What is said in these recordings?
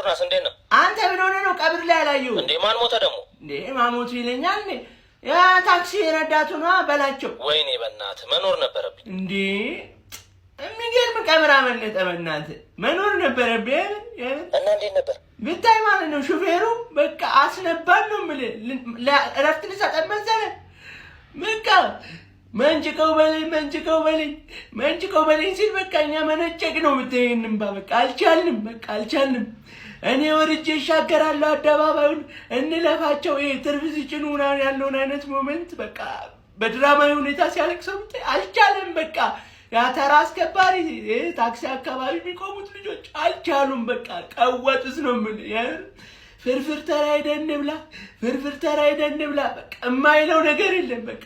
ኩርናስ እንዴት ነው አንተ? ምን ሆነህ ነው ቀብር ላይ ያላየሁ እንዴ? ማን ሞተ ደግሞ እንዴ? ማሞቱ ይለኛል እንዴ? ታክሲ ረዳቱ ነዋ በላቸው። ወይኔ በእናት መኖር ነበረብኝ እንዴ! የሚገርም ቀብር አመለጠ። በእናትህ መኖር ነበረብኝ። እና እንዴት ነበር ብታይ ማለት ነው። ሹፌሩ በቃ አስነባን ነው የምልህ። እረፍት ልሰጠን መሰለህ በቃ መንጭቀው በለኝ መንጭቀው በለኝ መንጭቀው በለኝ ሲል በቃ እኛ መነጨቅ ነው ምትይንም በቃ አልቻልንም፣ በቃ አልቻልንም። እኔ ወርጄ ይሻገራሉ አደባባዩን እንለፋቸው። ይሄ ትርቪዝጭን ሁና ያለውን አይነት ሞመንት በቃ በድራማዊ ሁኔታ ሲያለቅ ሰው አልቻለም። በቃ ያተራ አስከባሪ ታክሲ አካባቢ የሚቆሙት ልጆች አልቻሉም። በቃ ቀወጥስ ነው ምን ፍርፍር ተራ ሄደን እንብላ፣ ፍርፍር ተራ ሄደን እንብላ። በቃ የማይለው ነገር የለም። በቃ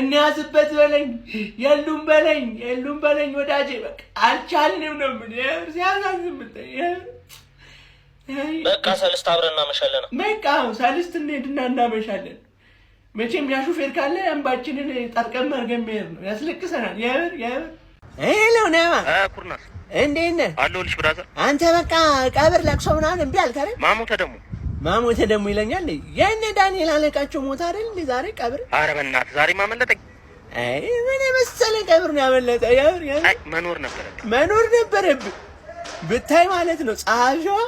እንያዝበት በለኝ፣ የሉም በለኝ፣ የሉም በለኝ ወዳጄ። በቃ አልቻልንም ነው ምን ሲያሳዝም በቃ ሰልስት አብረን እናመሻለን። በቃ ሰልስት እንሄድና እናመሻለን። መቼም ያ ሹፌር ካለ አንባችንን ጠርቀም አድርገን መሄድ ነው። ያስለቅሰናል። የብር የብር ሄለው ነማ ኩርናስ እንዴት ነህ? አለሁልሽ ብራዘር። አንተ በቃ ቀብር ለቅሶ ምናምን እምቢ አልክ አይደል? ማሞተ ደግሞ ማሞተ ደግሞ ይለኛል። የእነ ዳንኤል አለቃቸው ሞት አይደል እንዴ ዛሬ ቀብር? አረ በእናትህ ዛሬ ማመለጠኝ። አይ ምን የመሰለ ቀብር ነው ያመለጠ። ያብር የብር መኖር ነበረብህ መኖር ነበረብህ ብታይ ማለት ነው ጸሐፊዋ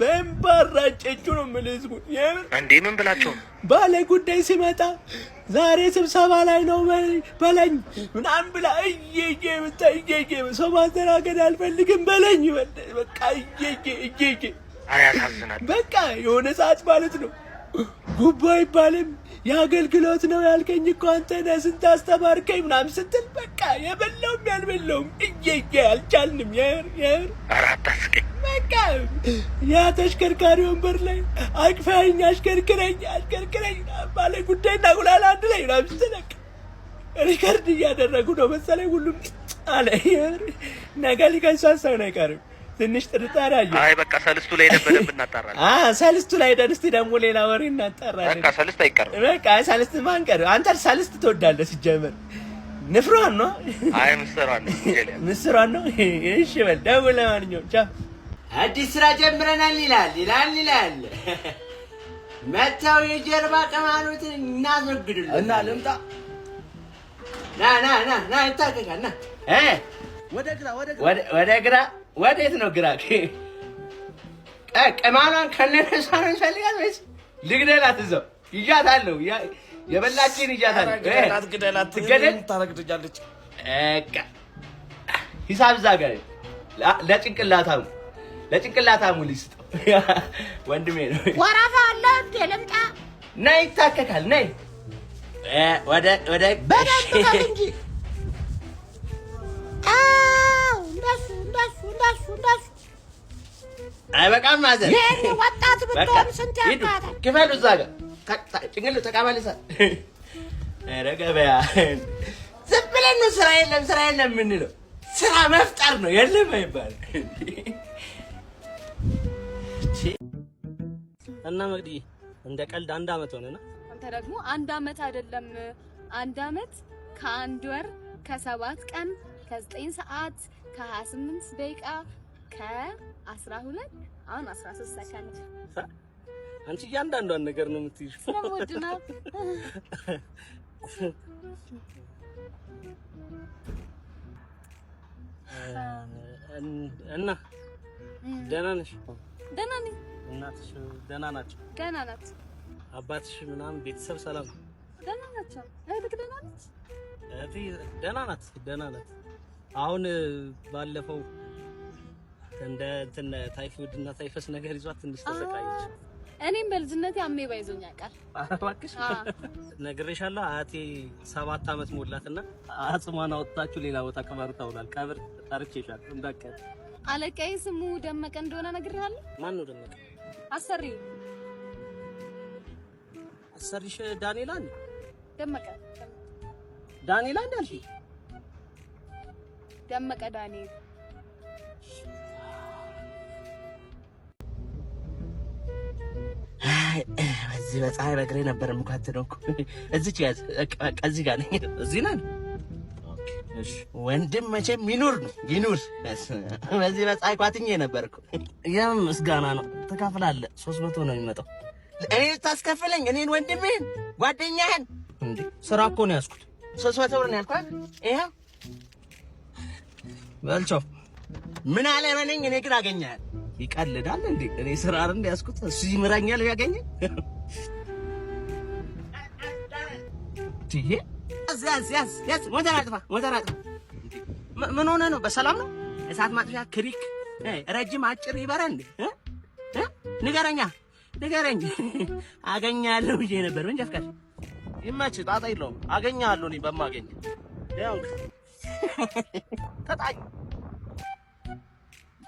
በንባራጨችው ነው የምልህ። ህዝቡ እንዴ ምን ብላቸው ባለ ጉዳይ ሲመጣ ዛሬ ስብሰባ ላይ ነው በለኝ ምናምን ብላ እየዬ ብታ እየዬ ሰው ማስተናገድ አልፈልግም በለኝ በቃ እየዬ እየዬ። አያሳዝናል። በቃ የሆነ ሰዓት ማለት ነው ጉባ አይባልም የአገልግሎት ነው ያልከኝ እኮ አንተ ነህ ስንት አስተማርከኝ ምናምን ስትል በቃ የበላውም ያልበላውም እየየ አልቻልንም። የር የር በቃ ያ ተሽከርካሪ ወንበር ላይ አቅፈኝ አሽከርክረኝ አሽከርክረኝ ባለ ጉዳይና ጉላላ አንድ ላይ ምናምን ስትል ሪከርድ እያደረጉ ነው መሰለኝ ሁሉም አለ ነገር ሊከሳሰውን አይቀርም። ትንሽ ጥርጣሬ አየሁ። አይ በቃ ሰልስቱ ላይ ሄደን በደንብ እናጣራለን። ሰልስቱ ላይ ሄደን እስኪ ደግሞ ሌላ ወሬ እናጣራለን። በቃ ሰልስት አይቀርም። በቃ አይ ሰልስት ማን ቀረ? አንተ ሰልስት ትወዳለህ ሲጀመር። ንፍሯን ነው? አይ ምስሯን ነው። ምስሯን ነው። እሺ በል ደውል። ለማንኛውም ቻው። አዲስ ስራ ጀምረናል ይላል ይላል ይላል። መተው የጀርባ ቅማሉትን እናስወግዱልን እና ልምጣ። ና ና ና ና ይታገጋል። ና ወደ ግራ ወደ ግራ ወዴት ነው ግራ ቅማሏን ከነነሳ ነው ይፈልጋል ወይስ ልግደላት? እዛው ይዣታለሁ፣ የበላችን ይዣታለሁ። ታረግድጃለች። ሂሳብ እዛ ጋር ለጭንቅላታሙ ለጭንቅላታሙ ሊስጠው ወንድሜ ነው። ወረፋ አለ እንዴ? ልምጣ። ነይ፣ ይታከካል። ነይ ወደ ወደ አይበቃም ማዘር። ይሄን ወጣት ብትሆን ስንት ያካታል? ክፈሉ እዛ ጋር ጭንግሉ ተቃባልሳ ኧረ ገበያ ዝም ብለን ነው። ስራ የለም ስራ የለም የምንለው ስራ መፍጠር ነው። የለም አይባልም። እና መቅድዬ እንደ ቀልድ አንድ አመት ሆነና አንተ ደግሞ አንድ አመት አይደለም አንድ አመት ከአንድ ወር ከሰባት ቀን ከዘጠኝ ሰዓት ከሀያ ስምንት ደቂቃ ከ አስራ ሁለት አሁን አስራ ሦስት ሰከንድ አንቺ እያንዳንዷን ነገር ነው የምትይሽ። ስለምወድ ነው። እና ደህና ነሽ? ደህና ነኝ። እናትሽ ደህና ናቸው? ደህና ናት። አባትሽ ምናምን ቤተሰብ ሰላም ነው? ደህና ናቸው። እህትህ ደህና ነች? እህቴ ደህና ናት፣ ደህና ናት። አሁን ባለፈው እንደ እንትን ታይፎይድ እና ታይፈስ ነገር ይዟት ትንሽ ተሰቃየች። እኔም በልጅነቴ አሜባ ባይዞኝ ያውቃል። እባክሽ ነግሬሻለሁ። አያቴ ሰባት አመት ሞላትና አጽሟን አወጣችሁ ሌላ ቦታ ቀብር ታውላል። ቀብር ጠርቼሻል አለቃዬ ስሙ ደመቀ እንደሆነ ነግሬሃለሁ። ማን ነው ደመቀ? አሰሪው አሰሪሽ ደመቀ ደመቀ ዳንኤል በዚህ በፀሐይ በእግሬ ነበር የምኳትነው። እዚች ያዝ፣ እዚህ ጋር እዚህ ነን ወንድም መቼም ይኑር ይኑር። በዚህ በፀሐይ ኳትኜ ነበርኩ። ያም ምስጋና ነው። ተካፍላለህ። ሶስት መቶ ነው የሚመጣው። እኔ ልታስከፍለኝ? እኔን ወንድምህን ጓደኛህን? እንዴ ስራ እኮ ነው ያዝኩት። ሶስት መቶ ብር ነው ያልኳት። ይኸው በልቻው ምን አለ በለኝ። እኔ ግን አገኘሃል ይቀልዳል እንዴ? እኔ ስራ አይደል እንዲያስኩት እሱ ይምራኛል ያገኘ ትይ ያዝ ያዝ ያዝ ያዝ ሞተር አጥፋ ሞተር አጥፋ። ምን ሆነ ነው? በሰላም ነው? እሳት ማጥፊያ ክሪክ ረጅም አጭር ይበራ እንዴ? ንገረኛ ንገረኝ። አገኛለሁ ብዬ ነበር። ምን ጀፍቀር ይመች፣ ጣጣ የለውም። አገኛለሁ እኔ በማገኝ ያው ተጣኝ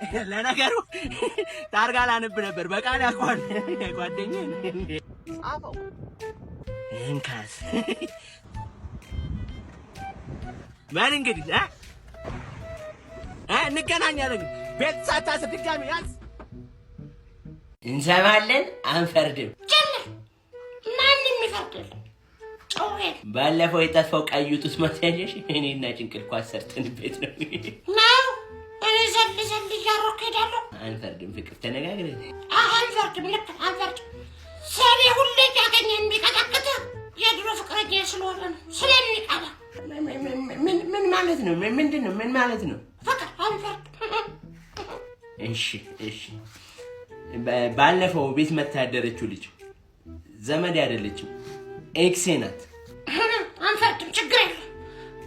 ለነገሩ ታርጋ ላንብ ነበር። በቃል ያቋል ጓደኛ ጻፈው እንካስ ማን እንግዲህ አ አ እንገናኛለን። ቤት ሳታስ ድጋሚ ያዝ እንሰማለን። አንፈርድም። ማን የሚፈርድ? ባለፈው የጠፋው ቀዩት ጡት ማስያዣሽ እኔና ጭንቅል ኳስ ቤት ነው። እያረኩ እሄዳለሁ። አንፈርድም፣ ፍቅር ተነጋግረን አንፈርድም። ልክ አንፈርድም። ሰኔ ሁሌ ያገኘ የሚቀጠቅጥ የድሮ ፍቅረኛ ስለሆነ ነው ስለሚቀባ። ምን ማለት ነው? ምንድን ነው? ምን ማለት ነው? ፍቅር አንፈርድም። እሺ፣ እሺ። ባለፈው ቤት መታ ያደረችው ልጅ ዘመድ አይደለችም፣ ኤክሴ ናት። አንፈርድም፣ ችግር የለም።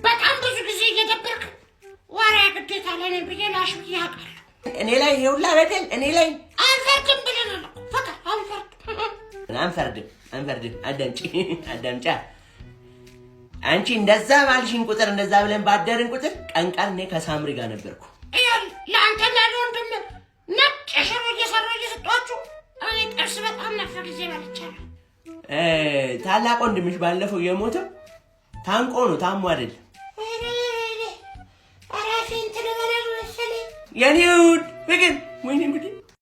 በጣም ብዙ ጊዜ እየደበርክ ወሬ ግዴታ ለኔ ብዬ ላሽ ብዬ አውቃለሁ። እኔ ላይ ይሄውላ ሁላ በደል እኔ ላይ አንፈርድም ብለን ፈቃ አልፈርድም፣ አንፈርድም፣ አንፈርድም። አዳምጪ አዳምጫ አንቺ እንደዛ ባልሽን ቁጥር እንደዛ ብለን ባደርን ቁጥር ቀን ቀን እኔ ከሳምሪ ጋር ነበርኩ። ለአንተ ለአንተና ለወንድም ነጭ ሽሮ እየሰራ እየሰጧችሁ እኔ ጥርስ በጣም ነፈ ጊዜ ባልቻለ ታላቅ ወንድምሽ ባለፈው የሞተው ታንቆ ነው ታሞ አይደለም यानी विगिन मोहिनी मुटी